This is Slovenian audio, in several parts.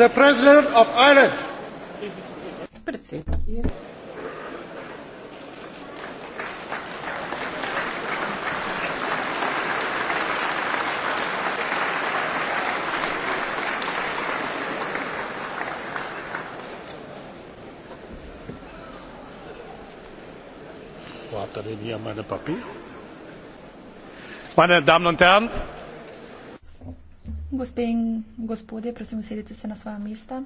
the President of Ireland. Meine Damen und Herren, Gospe in gospodje, prosim, usedite se na svoja mesta.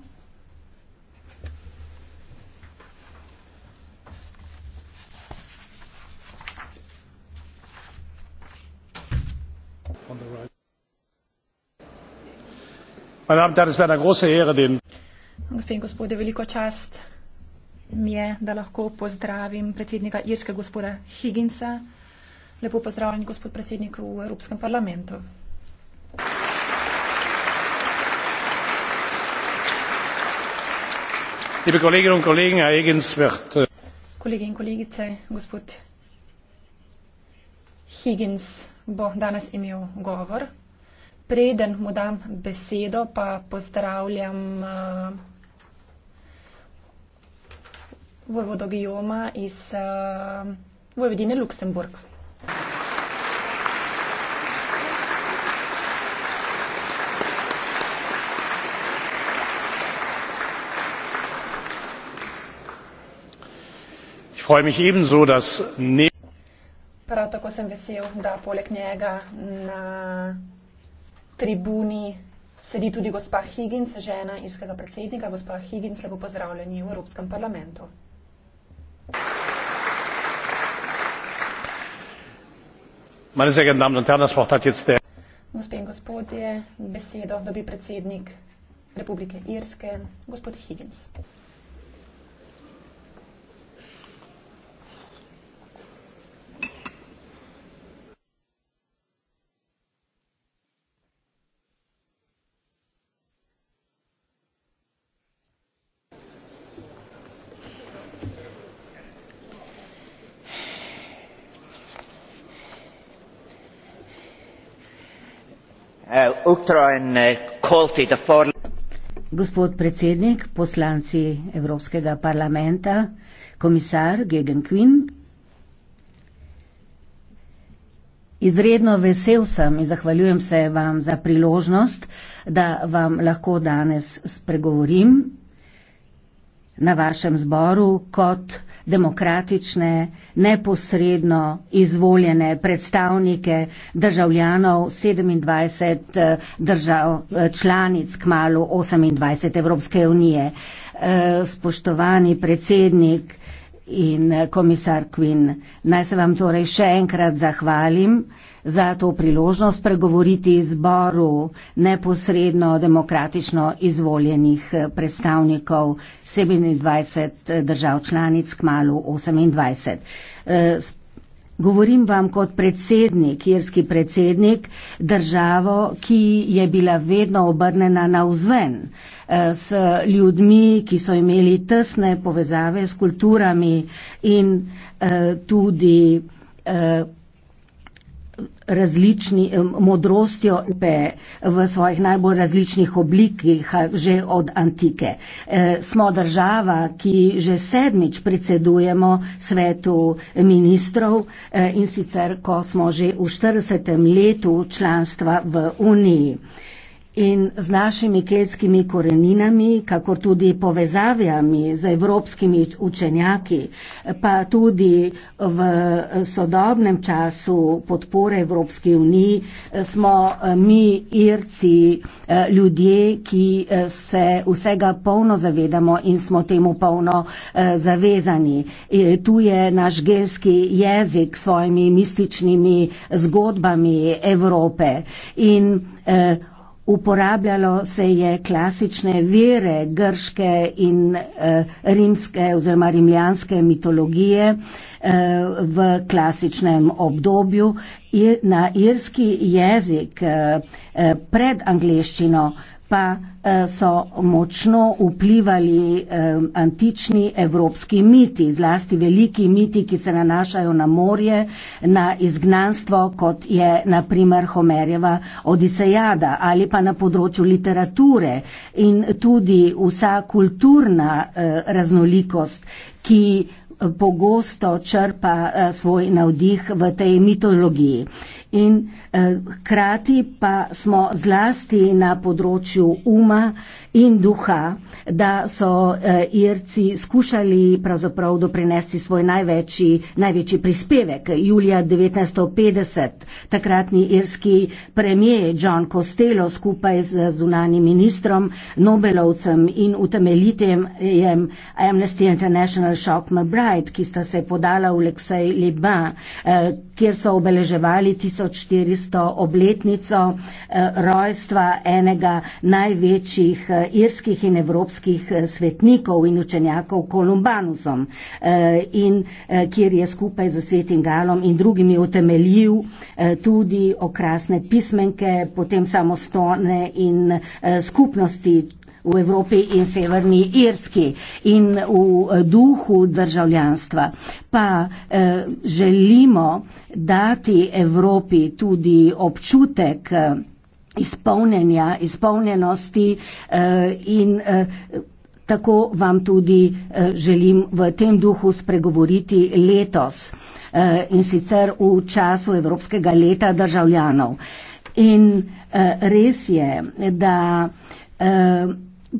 Gospe in gospode, veliko čast mi je, da lahko pozdravim predsednika Irske gospoda Higginsa. Lepo pozdravljen, gospod predsednik v Evropskem parlamentu. liebe kolleginnen und kollegen herr higgins wird äh, higgins bo danes imel govor preden mu dam besedo pa pozdravljam eh, vojvodo guillauma iz eh, vojvodine luksemburg Prav tako sem vesel, da poleg njega na tribuni sedi tudi gospa Higgins, žena irskega predsednika. Gospa Higgins, lepo pozdravljeni v Evropskem parlamentu. Gospe in gospodje, besedo dobi predsednik Republike Irske, gospod Higgins. Eh, Gospod predsednik, poslanci Evropskega parlamenta, komisar Gegen Quinn, izredno vesel sem in zahvaljujem se vam za priložnost, da vam lahko danes spregovorim na vašem zboru kot predsednik demokratične, neposredno izvoljene predstavnike državljanov 27 eh, držav eh, članic k malu 28 Evropske unije. Eh, spoštovani predsednik, in eh, komisar Quinn. Naj se vam torej še enkrat zahvalim za to priložnost pregovoriti zboru neposredno demokratično izvoljenih eh, predstavnikov 27 eh, držav članic k malu 28. E, Govorim vam kot predsednik, irski predsednik, državo, ki je bila vedno obrnjena navzven, eh, s ljudmi, ki so imeli tesne povezave s kulturami in eh, tudi eh, različni modrostjo v svojih najbolj različnih oblikih že od antike. E, smo država, ki že sedmič predsedujemo svetu ministrov e, in sicer, ko smo že v 40. letu članstva v Uniji in z našimi keltskimi koreninami, kakor tudi povezavami z evropskimi učenjaki, pa tudi v sodobnem času podpore Evropske unije, smo eh, mi, Irci, eh, ljudje, ki eh, se vsega polno zavedamo in smo temu polno zavezani. Tu je naš gelski jezik s svojimi mističnimi zgodbami Evrope. In, Uporabljalo se je klasične vere grške in eh, rimske oziroma rimljanske mitologije eh, v klasičnem obdobju. Na irski jezik eh, eh pred angliščino eh, pa eh, so močno vplivali eh, antični evropski miti, zlasti veliki miti, ki se nanašajo na morje, na izgnanstvo, kot je naprimer Homerjeva Odisejada ali pa na področju literature in tudi vsa kulturna eh, raznolikost, ki pogosto črpa svoj navdih v tej mitologiji in eh, hkrati eh, pa smo zlasti na področju uma in duha, da so eh, Irci skušali pravzaprav doprinesti svoj največji, največji prispevek. Julija 1950 takratni irski premije John Costello skupaj z zunanim ministrom, Nobelovcem in utemeljitem Amnesty International Shock McBride, ki sta se podala v Lexej Liban. Eh, kjer so obeleževali 1400 obletnico eh, rojstva enega največjih eh, irskih in evropskih eh, svetnikov in učenjakov Kolumbanusom in kjer je skupaj z Svetim Galom in drugimi utemeljil tudi okrasne pismenke, potem samostone in skupnosti v Evropi in Severni Irski in v eh, duhu državljanstva. Pa eh, želimo dati Evropi tudi občutek eh, izpolnjenja, izpolnjenosti eh, in eh, Tako vam tudi eh, želim v tem duhu spregovoriti letos eh, in sicer v času Evropskega leta državljanov. In res je, da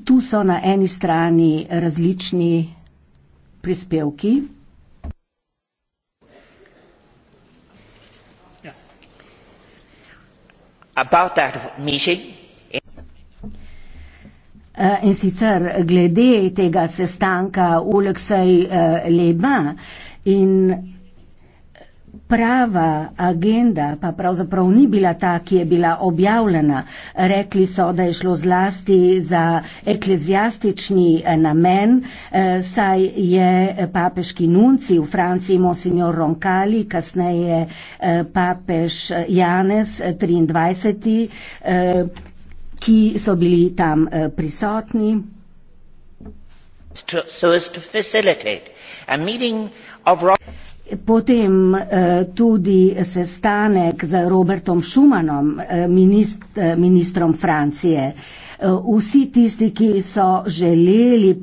Tu so na eni strani različni prispevki. Eh, in sicer glede tega sestanka Uleksej eh, Leba in prava agenda pa pravzaprav ni bila ta, ki je bila objavljena. Rekli so, da je šlo zlasti za eklezijastični eh, namen, eh, saj je papeški nunci v Franciji Monsignor Roncali, kasneje eh, papež Janez 23., ki so bili tam prisotni. To, so Potem eh, tudi sestanek z Robertom Schumannom, eh, minist, eh, ministrom Francije. Vsi tisti, ki so želeli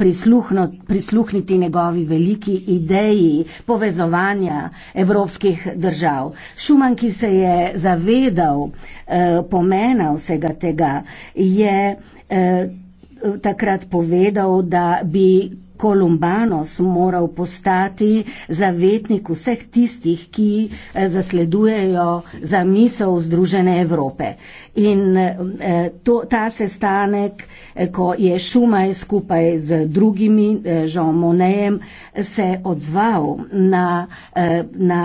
prisluhniti njegovi veliki ideji povezovanja evropskih držav. Šuman, ki se je zavedal eh, pomena vsega tega, je eh, takrat povedal, da bi Kolumbanos moral postati zavetnik vseh tistih, ki eh, zasledujejo zamisel Združene Evrope. In eh, to, ta sestanek, eh, ko je Šumaj skupaj z drugimi, Žao Monejem, se odzval na, na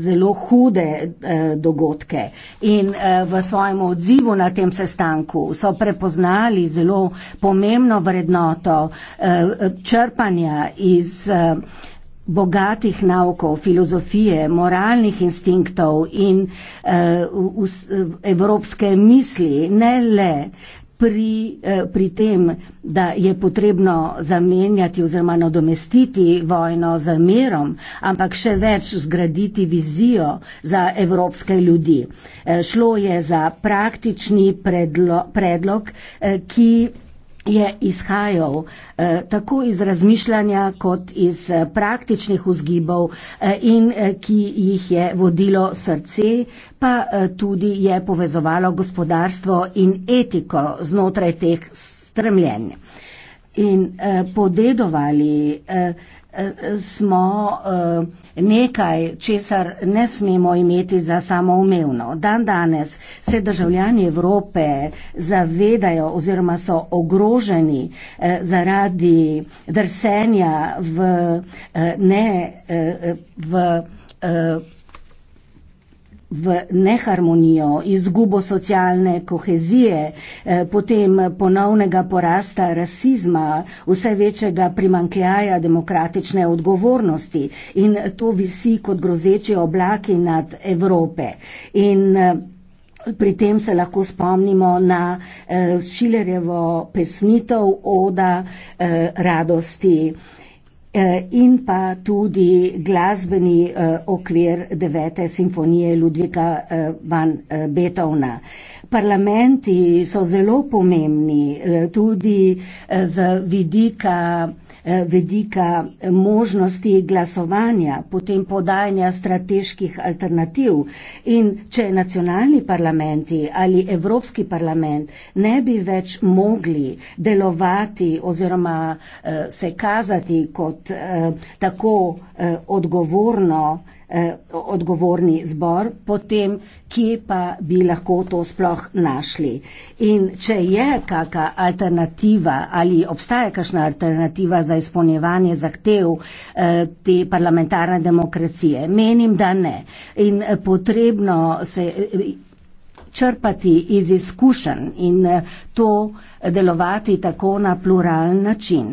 zelo hude eh, dogodke in eh, v svojem odzivu na tem sestanku so prepoznali zelo pomembno vrednoto eh, črpanja iz eh, bogatih naukov, filozofije, moralnih instinktov in uh, v, v, evropske misli, ne le uh, pri, eh, pri tem, da je potrebno zamenjati oziroma nadomestiti vojno z mirom, ampak še več zgraditi vizijo za evropske ljudi. Eh, šlo je za praktični predlo, predlog, eh, ki je izhajal eh, tako iz razmišljanja kot iz eh, praktičnih vzgibov eh, in ki jih je vodilo srce, pa tudi je povezovalo gospodarstvo in etiko znotraj teh strmljenj. In podedovali smo eh, nekaj, česar ne smemo imeti za samoumevno. Dan danes se državljani Evrope zavedajo oziroma so ogroženi eh, zaradi drsenja v eh, ne v v neharmonijo, izgubo socialne kohezije, eh, potem ponovnega porasta rasizma, vse večjega primankljaja demokratične odgovornosti in to visi kot grozeči oblaki nad Evrope. In eh, pri tem se lahko spomnimo na eh, Šilerjevo pesnitev oda radosti. Eh, in pa tudi glasbeni eh, okvir devete simfonije Ludvika eh, van Beethovna. Parlamenti so zelo pomembni tudi z vidika Eh, vedika možnosti glasovanja, potem podajanja strateških alternativ in če nacionalni parlamenti ali Evropski parlament ne bi več mogli delovati oziroma eh, se kazati kot eh, tako odgovorno eh, odgovorni zbor, potem kje pa bi lahko to sploh našli. In če je kakšna alternativa ali obstaja kakšna alternativa za izpolnjevanje zahtev eh, te parlamentarne demokracije, menim, da ne. In eh, potrebno se. Eh, črpati iz izkušenj in eh, to delovati tako na pluralen način.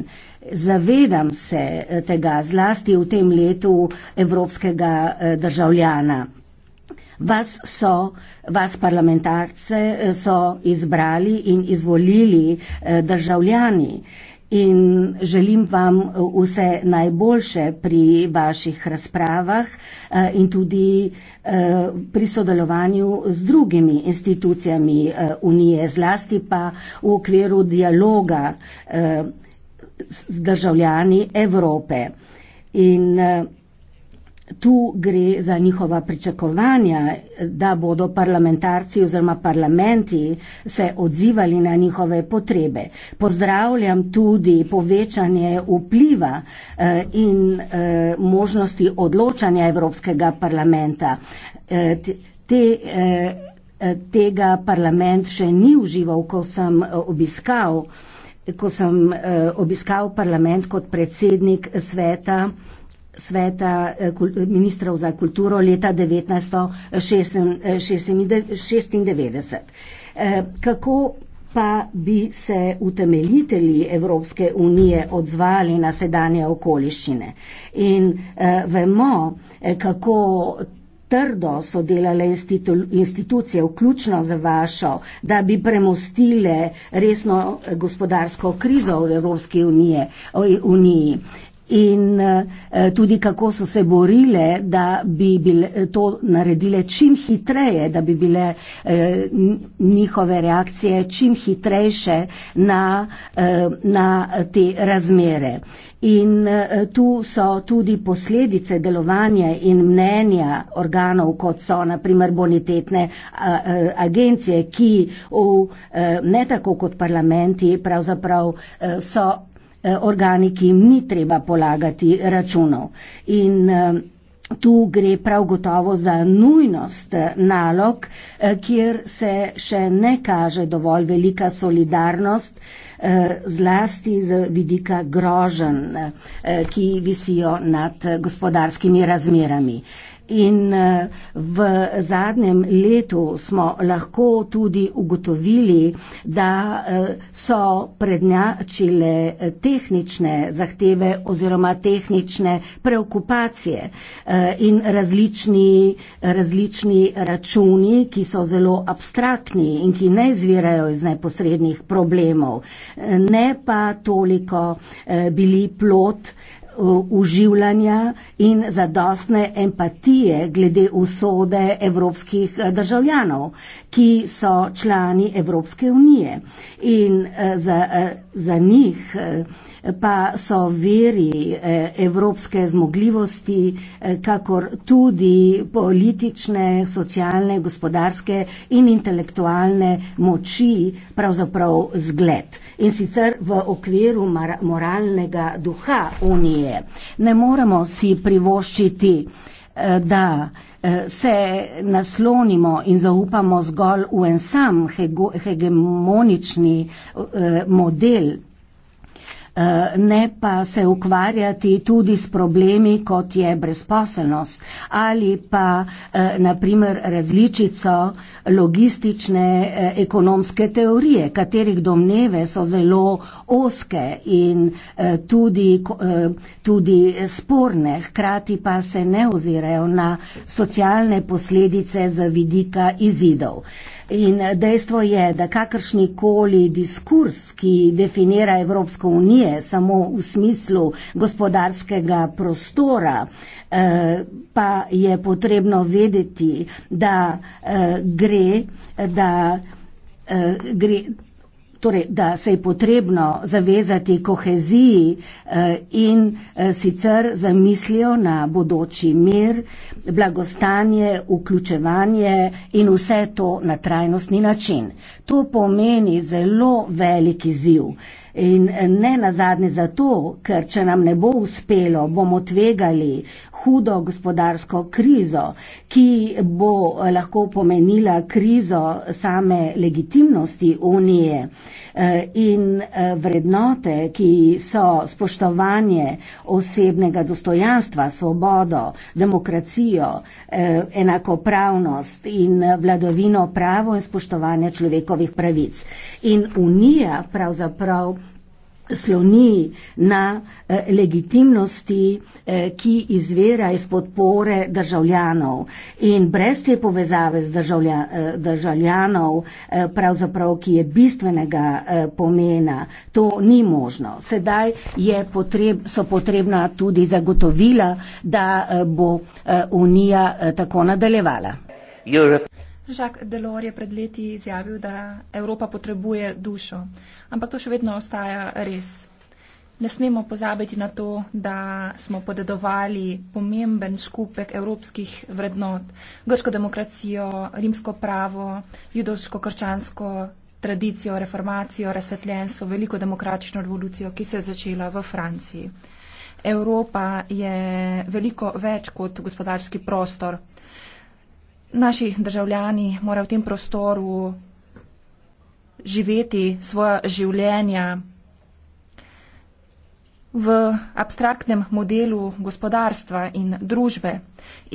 Zavedam se eh, tega zlasti v tem letu evropskega eh, državljana. Vas so, vas parlamentarce eh, so izbrali in izvolili državljani in želim vam vse najboljše pri vaših razpravah in tudi pri sodelovanju z drugimi institucijami Unije, zlasti pa v okviru dialoga z državljani Evrope. In eh, tu gre za njihova pričakovanja, da bodo parlamentarci oziroma parlamenti se odzivali na njihove potrebe. Pozdravljam tudi povečanje vpliva eh, in eh, možnosti odločanja Evropskega parlamenta. Te, tega parlament še ni užival, ko sem obiskal ko sem eh, obiskal parlament kot predsednik sveta, sveta eh, ministrov za kulturo leta 1996. Eh, kako pa bi se utemeljitelji Evropske unije odzvali na sedanje okoliščine? In vemo, kako trdo so delale institucije, vključno za vašo, da bi premostile resno gospodarsko krizo v Evropski uniji in eh, eh, tudi kako so se borile, da bi eh, to naredile čim hitreje, da bi bile njihove reakcije čim hitrejše na, na te razmere. In tu so tudi posledice delovanja in mnenja organov, kot so naprimer bonitetne agencije, ki v, ne tako kot parlamenti pravzaprav so Eh, organi, ki jim ni treba polagati računov. In eh, tu gre prav gotovo za nujnost eh, nalog, kjer se še ne kaže dovolj velika solidarnost zlasti z vidika grožen, ki visijo nad gospodarskimi razmerami. In eh, v zadnjem letu smo lahko tudi ugotovili, da eh, so prednjačile eh, tehnične zahteve oziroma tehnične preokupacije in različni, različni računi, ki so zelo abstraktni in ki ne izvirajo iz neposrednih problemov, ne pa toliko bili plot uživljanja in zadostne empatije glede usode evropskih eh, državljanov, ki so člani Evropske unije. In eh, za, eh, za njih pa so veri eh, evropske zmogljivosti, eh, kakor tudi politične, socialne, gospodarske in intelektualne moči pravzaprav zgled. In sicer v okviru moralnega duha Unije ne moremo si privoščiti, eh, da se naslonimo in zaupamo zgolj v en sam hegemonični model ne pa se ukvarjati tudi s problemi, kot je brezposelnost ali pa eh, naprimer različico logistične eh, ekonomske teorije, katerih domneve so zelo oske in eh, tudi, tudi sporne, hkrati pa se ne ozirajo na socialne posledice z vidika izidov. In dejstvo je, da kakršni koli diskurs, ki definira Evropsko unijo samo v smislu gospodarskega prostora, eh, pa je potrebno vedeti, da eh, gre, da eh, gre torej, da se je potrebno zavezati koheziji eh, in eh, sicer zamislijo na bodoči mir, blagostanje, vključevanje in vse to na trajnostni način to pomeni zelo veliki ziv. In eh, ne na zadnje zato, ker če nam ne bo uspelo, bomo tvegali hudo gospodarsko krizo, ki bo eh, lahko pomenila krizo same legitimnosti unije. Eh, in eh, vrednote, ki so spoštovanje osebnega dostojanstva, svobodo, demokracijo, eh, enakopravnost in vladovino pravo in spoštovanje človekovih pravic. In Unija pravzaprav sloni na eh, legitimnosti, eh, ki izvira iz podpore državljanov. In brez te povezave z državlja, eh, državljanov, pravzaprav, ki je bistvenega pomena, to ni možno. Sedaj potreb, so potrebna tudi zagotovila, da bo Unija tako nadaljevala. Europe. Jacques Delors je pred leti izjavil, da Evropa potrebuje dušo, ampak to še vedno ostaja res. Ne smemo pozabiti na to, da smo podedovali pomemben skupek evropskih vrednot, grško demokracijo, rimsko pravo, judovsko-krčansko tradicijo, reformacijo, razsvetljenstvo, veliko demokratično revolucijo, ki se je začela v Franciji. Evropa je veliko več kot gospodarski prostor, naši državljani morajo v tem prostoru živeti svoja življenja v abstraktnem modelu gospodarstva in družbe.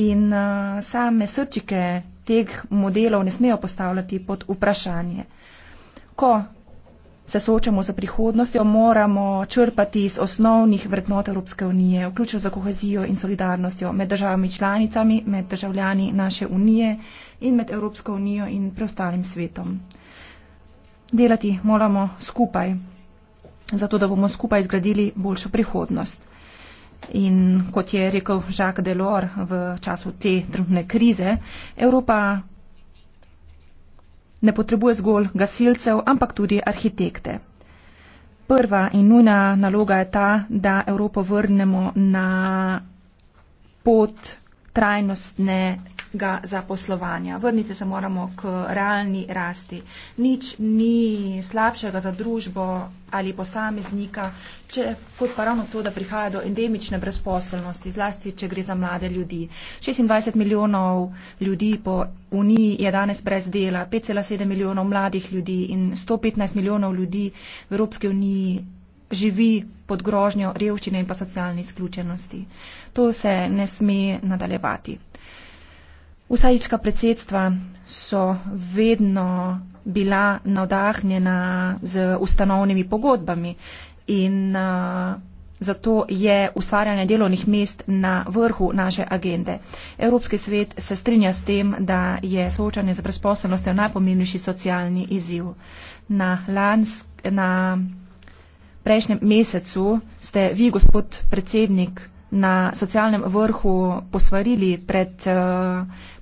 In eh, same srčike teh modelov ne smejo postavljati pod vprašanje. Ko se soočamo z prihodnostjo, moramo črpati iz osnovnih vrednot Evropske unije, vključno za kohezijo in solidarnostjo med državami članicami, med državljani naše unije in med Evropsko unijo in preostalim svetom. Delati moramo skupaj, zato da bomo skupaj zgradili boljšo prihodnost. In kot je rekel Jacques Delors v času te trenutne krize, Evropa ne potrebuje zgolj gasilcev, ampak tudi arhitekte. Prva in nujna naloga je ta, da Evropo vrnemo na pot trajnostne ga zaposlovanja. Vrnite se moramo k realni rasti. Nič ni slabšega za družbo ali posameznika, če, kot pa ravno to, da prihaja do endemične brezposelnosti, zlasti, če gre za mlade ljudi. 26 milijonov ljudi po Uniji je danes brez dela, 5,7 milijonov mladih ljudi in 115 milijonov ljudi v Evropski uniji živi pod grožnjo revščine in pa socialne izključenosti. To se ne sme nadaljevati. Vsa irska predsedstva so vedno bila navdahnjena z ustanovnimi pogodbami in uh, zato je ustvarjanje delovnih mest na vrhu naše agende. Evropski svet se strinja s tem, da je soočanje z brezposobnostjo najpomembnejši socialni izziv. Na, lansk, na prejšnjem mesecu ste vi, gospod predsednik, na socialnem vrhu posvarili pred eh,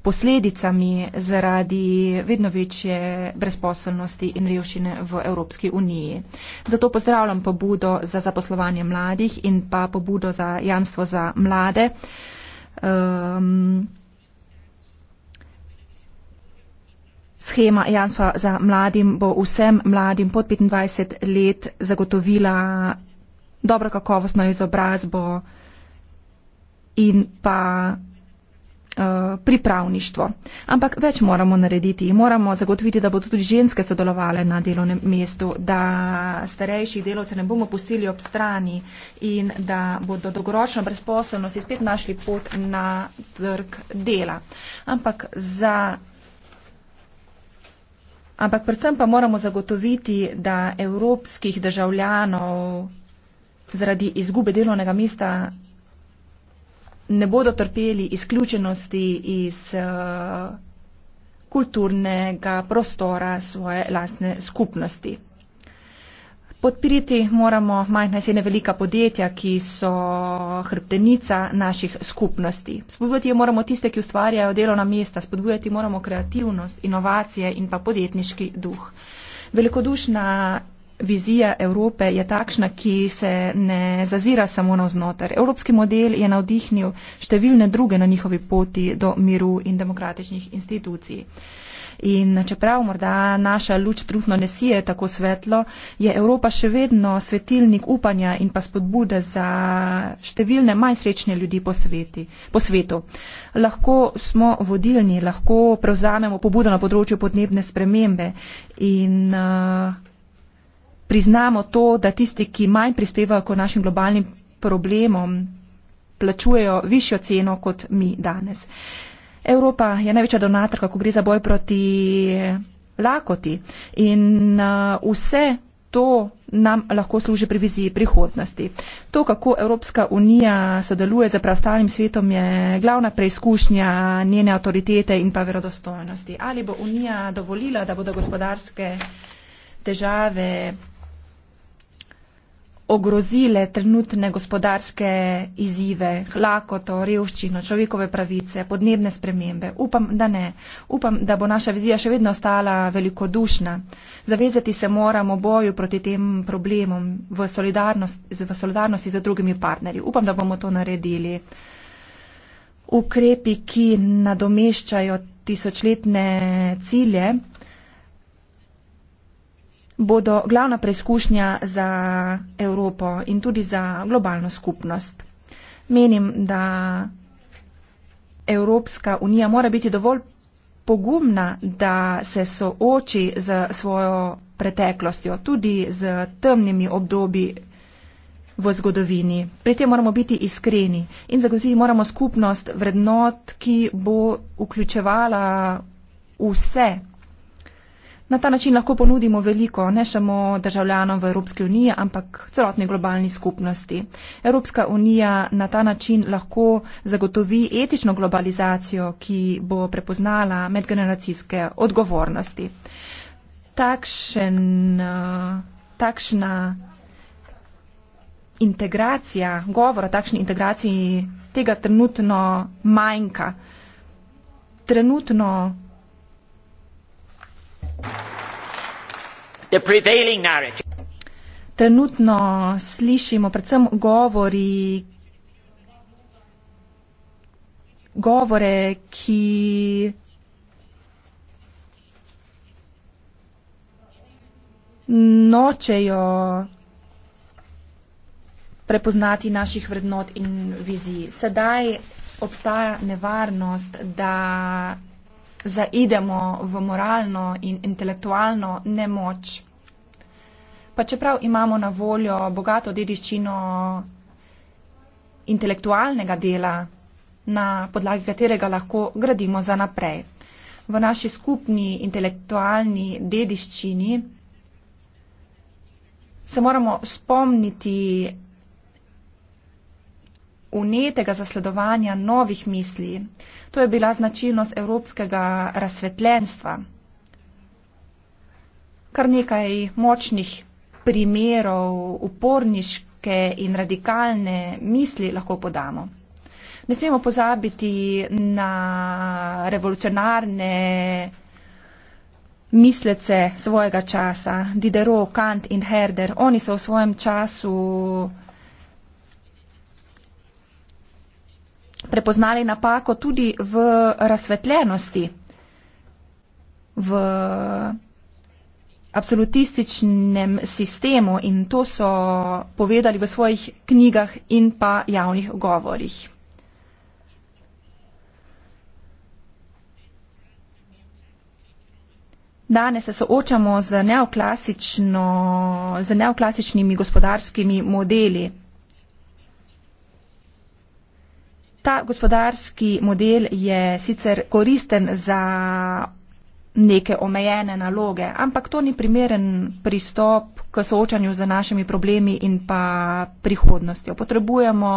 posledicami zaradi vedno večje brezposelnosti in revščine v Evropski uniji. Zato pozdravljam pobudo za zaposlovanje mladih in pa pobudo za jamstvo za mlade. Um, Schema jamstva za mladim bo vsem mladim pod 25 let zagotovila dobro kakovostno izobrazbo, uh, in pa eh, pripravništvo. Ampak več moramo narediti. Moramo zagotoviti, da bodo tudi ženske sodelovale na delovnem mestu, da starejših delovcev ne bomo pustili ob strani in da bodo dolgoročno brezposobnosti spet našli pot na trg dela. Ampak, za, ampak predvsem pa moramo zagotoviti, da evropskih državljanov zaradi izgube delovnega mesta ne bodo trpeli izključenosti iz eh, kulturnega prostora svoje lastne skupnosti. Podpiriti moramo majhna in srednja velika podjetja, ki so hrbtenica naših skupnosti. Spodbujati moramo tiste, ki ustvarjajo delovna mesta, spodbujati moramo kreativnost, inovacije in pa podjetniški duh. Velikodušna vizija Evrope je takšna, ki se ne zazira samo na vznoter. Evropski model je navdihnil številne druge na njihovi poti do miru in demokratičnih institucij. In čeprav morda naša luč trutno ne sije tako svetlo, je Evropa še vedno svetilnik upanja in pa spodbude za številne manj srečne ljudi po, sveti, po svetu. Lahko smo vodilni, lahko prevzamemo pobudo na področju podnebne spremembe in uh, priznamo to, da tisti, ki manj prispevajo k našim globalnim problemom, plačujejo višjo ceno kot mi danes. Evropa je največja donatorka, ko gre za boj proti lakoti in uh, vse to nam lahko služi pri viziji prihodnosti. To, kako Evropska unija sodeluje z preostalim svetom, je glavna preizkušnja njene avtoritete in pa verodostojnosti. Ali bo unija dovolila, da bodo gospodarske težave ogrozile trenutne gospodarske izzive, lakoto, revščino, človekove pravice, podnebne spremembe. Upam, da ne. Upam, da bo naša vizija še vedno ostala velikodušna. Zavezati se moramo boju proti tem problemom v solidarnosti, v solidarnosti z drugimi partnerji. Upam, da bomo to naredili. Ukrepi, ki nadomeščajo tisočletne cilje, bodo glavna preizkušnja za Evropo in tudi za globalno skupnost. Menim, da Evropska unija mora biti dovolj pogumna, da se sooči z svojo preteklostjo, tudi z temnimi obdobji v zgodovini. Pri tem moramo biti iskreni in zagotoviti moramo skupnost vrednot, ki bo vključevala vse Na ta način lahko ponudimo veliko, ne samo državljanom v Evropski uniji, ampak celotni globalni skupnosti. Evropska unija na ta način lahko zagotovi etično globalizacijo, ki bo prepoznala medgeneracijske odgovornosti. Takšen, eh, takšna integracija, govor o takšni integraciji tega trenutno manjka. Trenutno Trenutno slišimo predvsem govori, govore, ki nočejo prepoznati naših vrednot in vizij. Sedaj obstaja nevarnost, da zaidemo v moralno in intelektualno nemoč. Pa čeprav imamo na voljo bogato dediščino intelektualnega dela, na podlagi katerega lahko gradimo za naprej. V naši skupni intelektualni dediščini se moramo spomniti unetega zasledovanja novih misli. To je bila značilnost evropskega razsvetljenstva. Kar nekaj močnih primerov uporniške in radikalne misli lahko podamo. Ne smemo pozabiti na revolucionarne mislece svojega časa, Diderot, Kant in Herder. Oni so v svojem času prepoznali napako tudi v razsvetljenosti, v absolutističnem sistemu in to so povedali v svojih knjigah in pa javnih govorih. Danes se soočamo z, z neoklasičnimi gospodarskimi modeli. Ta gospodarski model je sicer koristen za neke omejene naloge, ampak to ni primeren pristop k soočanju z našimi problemi in pa prihodnostjo. Potrebujemo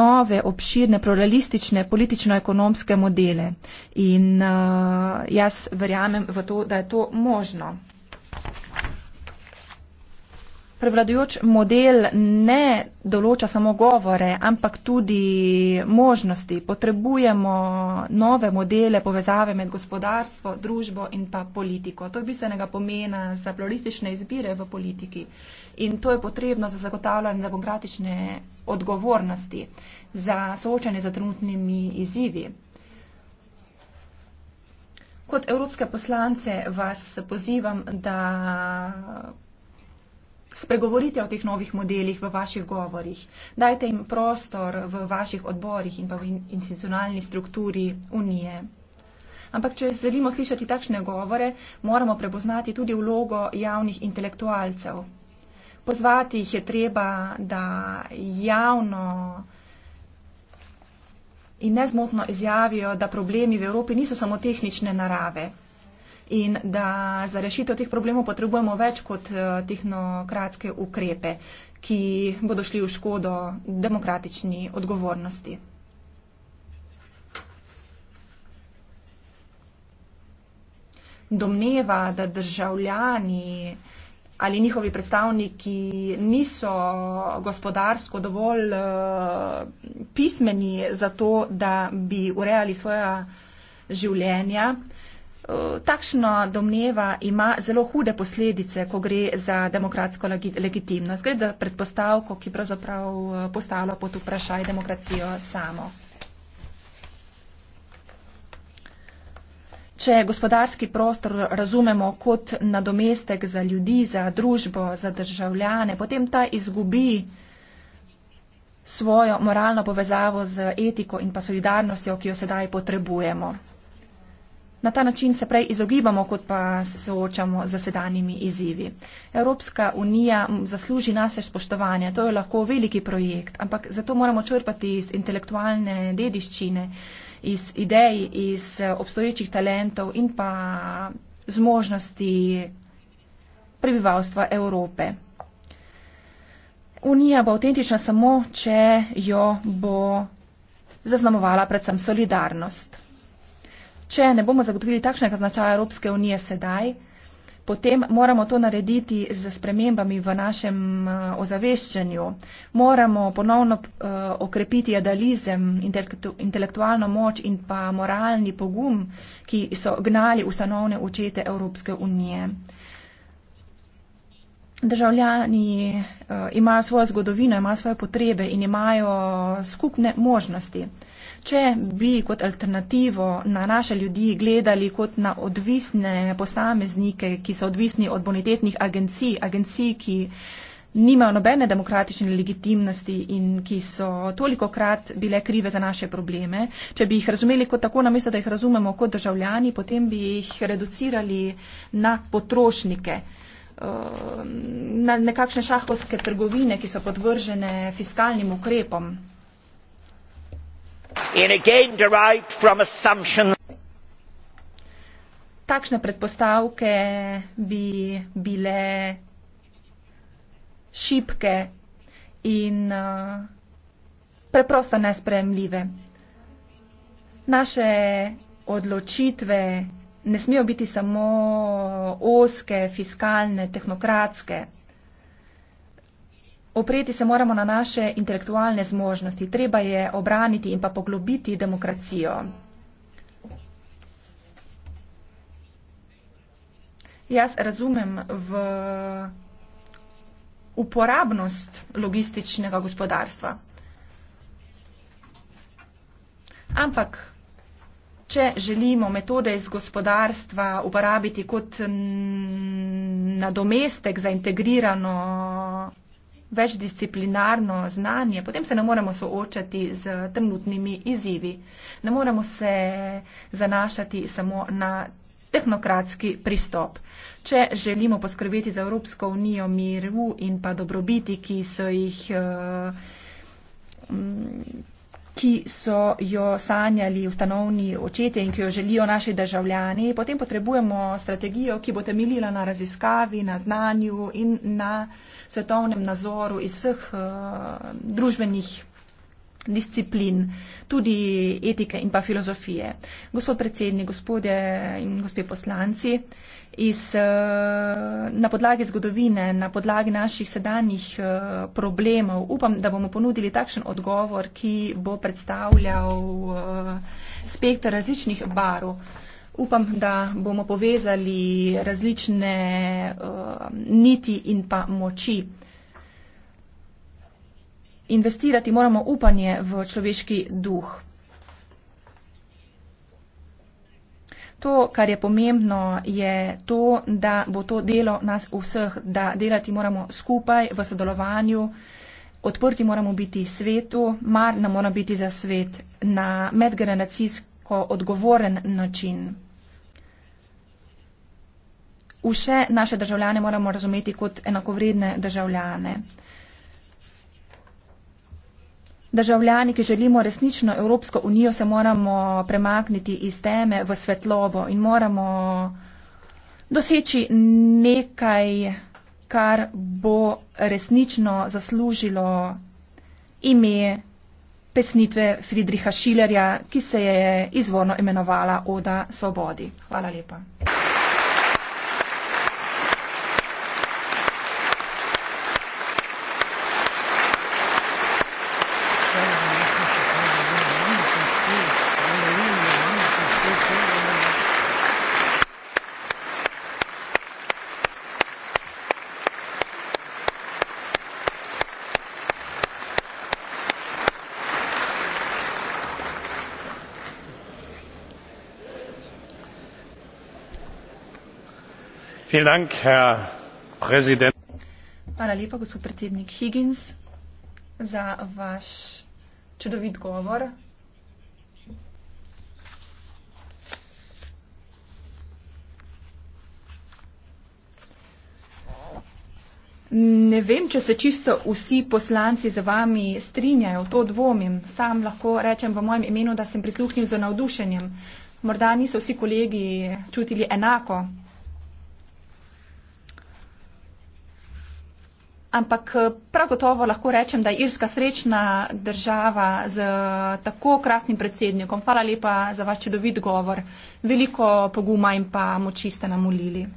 nove, obširne, pluralistične, politično-ekonomske modele in uh, jaz verjamem v to, da je to možno prevladujoč model ne določa samo govore, ampak tudi možnosti. Potrebujemo nove modele povezave med gospodarstvo, družbo in pa politiko. To je bistvenega pomena za pluralistične izbire v politiki in to je potrebno za zagotavljanje demokratične odgovornosti, za soočanje z trenutnimi izzivi. Kot evropske poslance vas pozivam, da spregovorite o teh novih modelih v vaših govorih, dajte jim prostor v vaših odborih in pa v institucionalni strukturi unije. Ampak, če želimo slišati takšne govore, moramo prepoznati tudi vlogo javnih intelektualcev. Pozvati jih je treba, da javno in nezmotno izjavijo, da problemi v Evropi niso samo tehnične narave, in da za rešitev teh problemov potrebujemo več kot eh, tehnokratske ukrepe, ki bodo šli v škodo demokratični odgovornosti. Domneva, da državljani ali njihovi predstavniki niso gospodarsko dovolj eh, pismeni za to, da bi urejali svoja življenja takšna domneva ima zelo hude posledice, ko gre za demokratsko legitimnost. Gre za predpostavko, ki pravzaprav eh, postavlja pod vprašaj demokracijo samo. Če gospodarski prostor razumemo kot nadomestek za ljudi, za družbo, za državljane, potem ta izgubi svojo moralno povezavo z etiko in pa solidarnostjo, ki jo sedaj potrebujemo. Na ta način se prej izogibamo, kot pa soočamo z sedanjimi izzivi. Evropska unija zasluži nase spoštovanja, to je lahko veliki projekt, ampak zato moramo črpati iz intelektualne dediščine, iz idej, iz obstoječih talentov in pa zmožnosti prebivalstva Evrope. Unija bo avtentična samo, če jo bo zaznamovala predvsem solidarnost. Če ne bomo zagotovili takšnega značaja Evropske unije sedaj, potem moramo to narediti z spremembami v našem eh, ozaveščanju. Moramo ponovno eh, okrepiti idealizem, intelektualno moč in pa moralni pogum, ki so gnali ustanovne očete Evropske unije. Državljani eh, imajo svojo zgodovino, imajo svoje potrebe in imajo skupne možnosti. Če bi kot alternativo na naše ljudi gledali kot na odvisne posameznike, ki so odvisni od bonitetnih agencij, agencij, ki nimajo nobene demokratične legitimnosti in ki so toliko krat bile krive za naše probleme, če bi jih razumeli kot tako, namesto da jih razumemo kot državljani, potem bi jih reducirali na potrošnike eh, na nekakšne šahovske trgovine, ki so podvržene fiskalnim ukrepom in a game derived from assumption. Takšne predpostavke bi bile šibke in uh, preprosto nespremljive. Naše odločitve ne smijo biti samo oske, fiskalne, tehnokratske. Opreti se moramo na naše intelektualne zmožnosti. Treba je obraniti in pa poglobiti demokracijo. Jaz razumem v uporabnost logističnega gospodarstva. Ampak, če želimo metode iz gospodarstva uporabiti kot nadomestek za integrirano večdisciplinarno znanje, potem se ne moremo soočati z trenutnimi izzivi. Ne moremo se zanašati samo na tehnokratski pristop. Če želimo poskrbeti za Evropsko unijo miru in pa dobrobiti, ki so jih. Eh, mm, ki so jo sanjali ustanovni očetje in ki jo želijo naši državljani, potem potrebujemo strategijo, ki bo temeljila na raziskavi, na znanju in na uh, svetovnem nazoru, iz vseh uh, družbenih disciplin, tudi etike in pa filozofije. Gospod predsednik, gospodje in gospe poslanci, iz, eh, na podlagi zgodovine, na podlagi naših sedanjih eh, problemov, upam, da bomo ponudili takšen odgovor, ki bo predstavljal spektr različnih barov. Upam, da bomo povezali različne uh, niti in pa moči. Investirati moramo upanje v človeški duh. To, kar je pomembno, je to, da bo to delo nas vseh, da delati moramo skupaj v sodelovanju, odprti moramo biti svetu, marna mora biti za svet na medgeneracijsko odgovoren način vse naše državljane moramo razumeti kot enakovredne državljane. Državljani, ki želimo resnično Evropsko unijo, se moramo premakniti iz teme v svetlobo in moramo doseči nekaj, kar bo resnično zaslužilo ime pesnitve Friedricha Schillerja, ki se je izvorno imenovala Oda svobodi. Hvala lepa. Hvala lepa, gospod predsednik Higgins, za vaš čudovit govor. Ne vem, če se čisto vsi poslanci z vami strinjajo, to dvomim. Sam lahko rečem v mojem imenu, da sem prisluhnil z navdušenjem. Morda niso vsi kolegi čutili enako. Ampak eh, prav gotovo lahko rečem, da je Irska srečna država z eh, tako krasnim predsednikom. Hvala lepa za vaš čudovit govor. Veliko poguma in pa moči ste nam ulili.